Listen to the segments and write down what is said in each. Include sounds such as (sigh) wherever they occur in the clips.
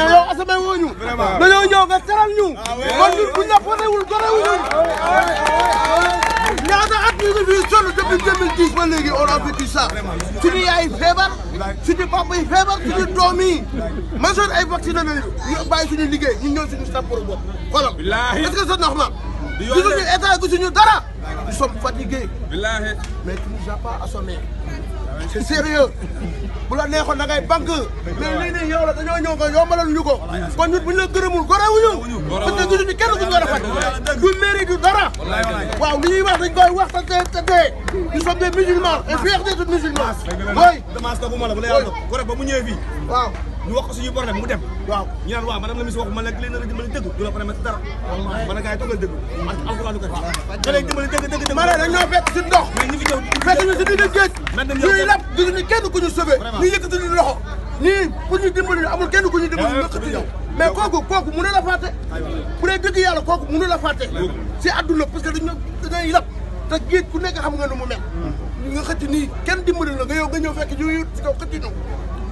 mais yow asame woo ñu. vraiment dañoo ñëw nga teral ñu. kon ah ñun bu ñu la potewul gorewuñu. Ah ah ñaata at ñu ngi fii sonn depuis 2010 ba léegi on a vécu ça. suñu yaay feebar. suñu papa yi feebar suñu doom yi. ma sonn ay vacciné nañu ñu bàyyi suñu liggéey ñu ñëw suñu sàpporo bopp. voilà est-ce que c'est normal. gisuñu état gisuñu dara nous sommes fatigués mais tu nous as pas assommés c'est sérieux bu la neexoon da ngay banque mais lii nii yow la dañoo ñëw ko yombalal ñu ko kon ñun bu ñu la gërëmul gorewuñu parce que gisuñu kenn ku ñu war a faj du mairie du dara waaw li ñuy wax dañ koy wax te te te nous sommes des musulmans et fiers d'être musulmans booy dama daguma la bu la yàlla gore ba mu ñëwee fii waaw ñu wax ko suñu problème mu dem waaw ñu naan waaw madame la ministre waxu ma leen leen a dimbali dëgg du la promettre dara man a gars yi toogal dëgg ak alxuraan ko da leen dimbali dëgg dëgg ma ne dañ ñoo fekk si ndox mais ñu si digg géej ñuy ku ñu sauvé ñu yëkkati ñu loxo nii ñu dimbali kenn ku ñu dimbali ñu xëcc kooku kooku mënu la fàtte bu dee dëgg yàlla kooku mënu la fàtte si àdduna parce que dañu dañuy nekk xam nga nu mu mel mm. nga kenn dimbali la nga yow nga ñu si kaw xëcc ñu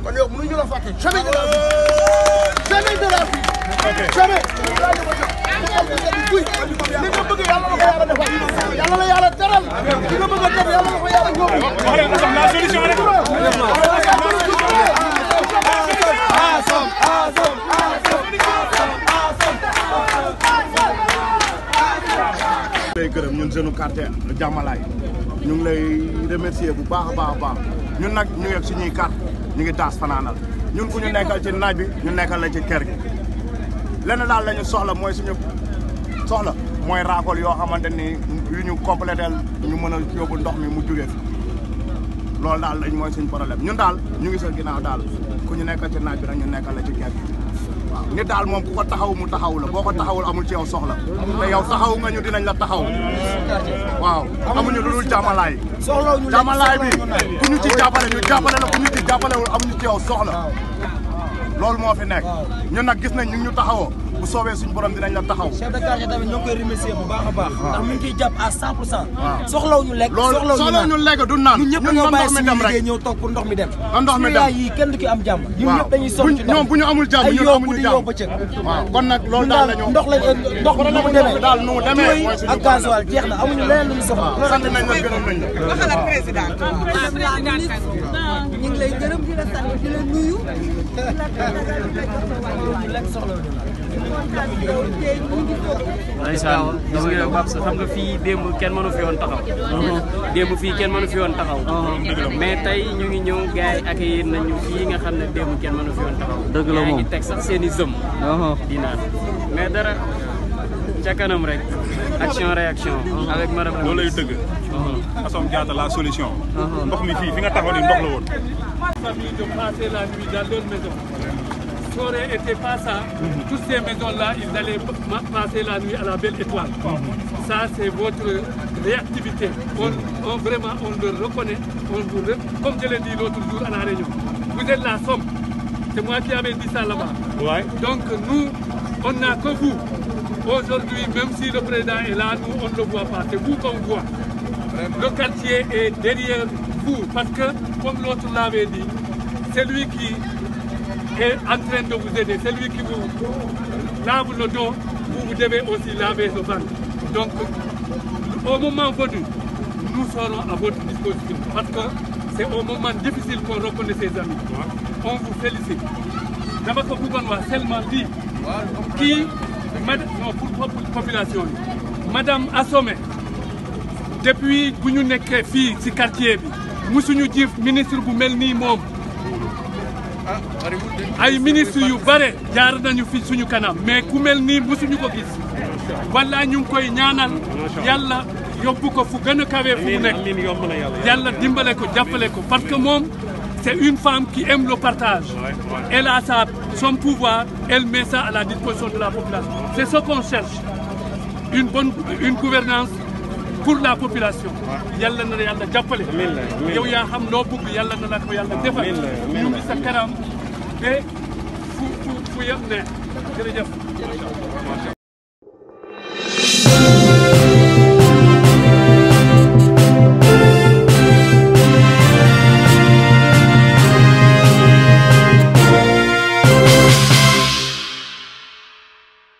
kon yow mënuñu la fàtte jamais de la vie ah jamais de la vie. ok jamais. li nga bëgg yàlla la ko yàlla defal yàlla la yàlla teral li nga bëgg a def yàlla la ko yàlla ñoom. la solution rek. Assome Assome Assome lay gërëm ñun seenu quartier jàmmalaay ñu ngi lay remercier bu baax a baax a baax ñun nag ñu yegg suñuy carte ñu ngi taas fanaanal ñun ku ñu nekkal ci naaj bi ñu nekkal la ci kër gi lenn daal la soxla mooy suñu soxla mooy raakool yoo xamante ni yu ñu complétel ñu mën a yóbbu ndox mi mu jugee fi loolu daal lañ mooy suñu problème ñun daal ñu ngi sa ginnaaw daal ku ñu nekkal ci naaj bi rek ñu nekkal la ci kër gi nit daal moom ku ko taxaw mu taxaw la boo ko taxawul amul ci yow soxla te yow taxaw nga ñu dinañ la taxaw waaw amuñu lu dul jàmmalaay jàmmalaay bi ku ñu ci jàppale ñu jàppale la ku ñu ci jàppalewul amuñu ci yow soxla loolu moo fi nekk ñun nag gis nañ ñu ngi ñu taxawoo bu soobee suñu borom dinañ la taxaw chef de a baax ah. ndax mi ngi koy jàpp à cent pour cent ah. soxlaw ñu lekk soxlaw ñu lekk du naan ñun ñëpp dañoo bàyyi suñu liggéey ñëw toog pour ndox mi dem ndox mi dem yaay kenn du ki am jàmm ñun ñëpp dañuy sonn ñu amul jàmm ñun amuñu jàmm waaw kon nag loolu daal ndox la ndox mu demee daal nu mu demee ak gasoil jeex na amuñu leneen ñu soxla sant nañ la gërëm (laughs) ndeysaan gis nga xam nga fii démb kenn mënu fi woon taxaw uh-huh. démb fii kenn mënu fi woon taxaw uh-huh. mais tey ñu ngi ñëw gars ak yéen nañu fii nga xam ne démb kenn mënu fi woon taxaw dëgg la moom ngi teg sax seen i zëm uh-huh. di mais dara ca rek action réaction avec madame loolu la solution ndox mi fii fi ni ndox la woon forêt était pas ça, toutes ces maisons-là, ils allaient passer la nuit à la belle étoile. Ça, c'est votre le reconnaît. On vous, comme je l'ai dit l'autre jour la somme. C'est qui avais dit ça là-bas. Donc nous, on n'a que Aujourd'hui, même si le président est là, nous, on ne le voit pas. C'est vous qu'on voit. Le quartier est derrière vous. Parce que, comme l'autre l'avait dit, c'est lui qui est en train de vous aider. Celui qui vous lave le dos, vous, vous devez aussi laver le ventre. Donc, au moment venu, nous serons Parce que c'est au moment difficile qu'on reconnaît ses amis. On vous félicite. dama ko bëggoon wax seulement lii kii non pour population yi madame Assome depuis bu ñu nekkee fii si quartier bi musuñu jiif ministre bu mel nii moom ay ministre yu bare jaar nañu fi suñu kanam mais ku mel nii bu suñu ko gis wala ñu koy ñaanal yàlla yóbbu ko fu gën a kawee fu mu nekk yàlla dimbale ko jàppale ko parce que moom c'est une femme qui aime le partage elle a sa son pouvoir elle met ça à la disposition de la population c'est ce qu'on cherche une bonne pour la population yàlla na la yàlla jàppale yow yaa xam loo bëgg yàlla na la ko yàlla defal ñu ngi sa kanam ba fu fu fu yem ne jërëjëf